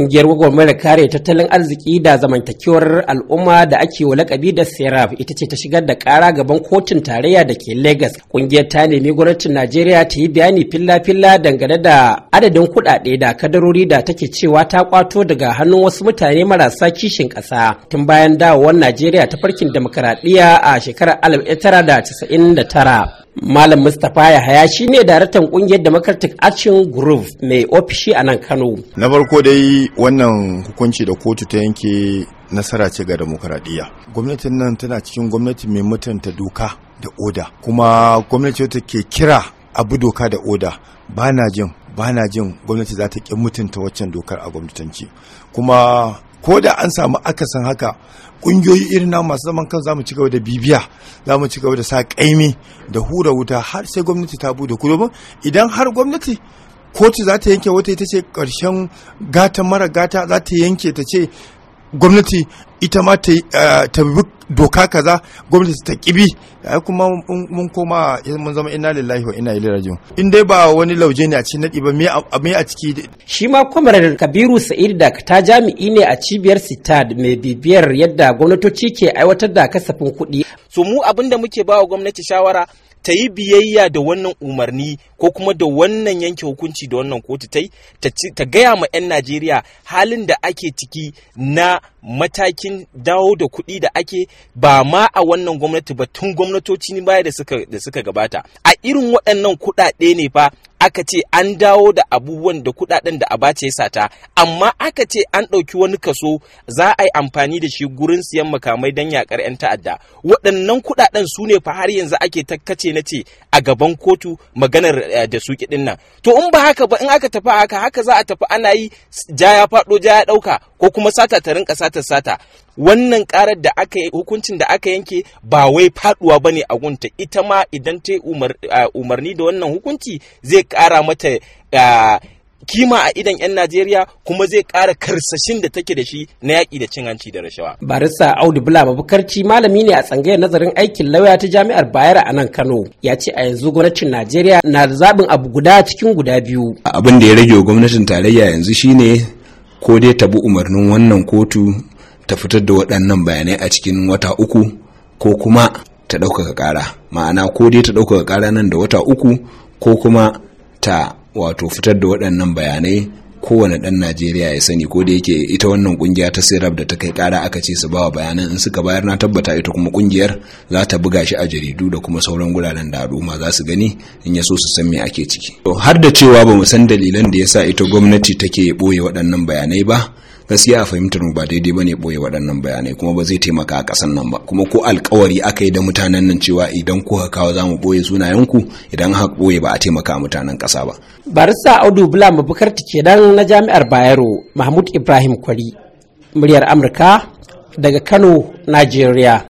Ƙungiyar gwagwarmayar kare tattalin arziki da zamantakewar al'umma da ake wa lakabi da seraf ita ce ta shigar da kara gaban kotun tarayya da ke Legas. Ƙungiyar ta nemi gwamnatin Najeriya ta yi bayani filla-filla dangane da adadin kuɗaɗe da kadarori da take cewa ta kwato daga hannun wasu mutane marasa kishin ƙasa tun bayan dawowar Najeriya ta farkin demokaradiyya a shekarar 1999. Malam Mustapha Yahaya shi ne daraktan kungiyar Democratic Action Group mai ofishi a nan Kano. Na farko dai wannan hukunci da kotu ta yanke nasara ce ga demokaradiyya. Gwamnatin nan tana cikin gwamnati mai mutunta doka da oda. Kuma gwamnati wata ke kira abu doka da oda ba na jin ba na jin gwamnati za ta ƙi mutunta waccan dokar a gwamnatanci. Kuma ko da an samu akasin haka kungiyoyi irin na masu zaman kan zamu ci gaba da bibiya zamu ci gaba da sa kaimi da hura wuta har sai gwamnati ta bude ku Domin idan har gwamnati kotu za ta yanke wata ita ce karshen gata mara gata za ta yanke ta ce gwamnati ita ma eh, ta bi doka kaza gwamnati ta kibi kuma mun koma mun zama ina lillahi wa ina ilaihi raji'un in dai ba wani lauje ne a cikin nadi ba me a ciki shi ma kwamarar kabiru sa'id da ta jami'i ne a cibiyar sitad mai bibiyar yadda gwamnatoci ke aiwatar da kasafin kuɗi su mu abin muke ba wa gwamnati shawara ta yi biyayya da wannan umarni ko kuma da wannan yanke hukunci da wannan kotu ta yi ta gaya ma 'yan najeriya halin da ake ciki na matakin dawo da kuɗi da ake ba ma a wannan gwamnati ba tun gwamnatoci baya da suka gabata a irin waɗannan kuɗaɗe ne fa aka ce an dawo da abubuwan da kudaden da abace ya sata amma aka ce an ɗauki wani kaso za a yi amfani da shi gurin siyan makamai don yakar 'yan ta'adda waɗannan kudaden su ne fa har yanzu ake takkace na ce a gaban kotu maganar eh, da su kiɗin nan to in ba haka ba in aka tafi haka haka za a tafi ana yi ja ya faɗo ja ya ɗauka ko kuma sata ta rinka sata sata wannan karar da aka hukuncin da aka yanke ba wai faduwa ne a gunta ita ma idan ta umarni da wannan hukunci zai kara mata kima a idan 'yan Najeriya kuma zai ƙara karsashin da take da shi na yaƙi da cin hanci da rashawa. Barista Audu Bula Babukarci malami ne a tsangayar nazarin aikin lauya ta Jami'ar Bayero a nan Kano. Ya ce a yanzu gwamnatin Najeriya na da zaɓin abu guda cikin guda biyu. Abin da ya rage wa gwamnatin tarayya yanzu shine ko dai ta bi umarnin wannan kotu ta fitar da waɗannan bayanai a cikin wata uku ko kuma ta ɗaukaka ƙara ma'ana ko dai ta ɗaukaka ƙara nan da wata uku ko kuma ta wato fitar da waɗannan bayanai kowane ɗan najeriya ya sani ko da yake ita wannan ƙungiya ta sirab da ta kai kara aka ce su bawa bayanan in suka bayar na tabbata ita kuma kungiyar za ta buga shi a jaridu da kuma sauran guraren da al'umma za su gani in ya so su san me ake ciki har da cewa ba mu san dalilan da yasa ita gwamnati take ɓoye waɗannan bayanai ba gaskiya a fahimtar mu ba daidai bane boye waɗannan bayanai kuma ba zai taimaka a ƙasar nan ba kuma ko alkawari aka yi da mutanen nan cewa idan kuka kawo za mu boye sunayenku idan haka boye ba a taimaka a mutanen ƙasa ba. barista audu bula mabukar dan na jami'ar bayero mahmud ibrahim kwari muryar amurka daga kano najeriya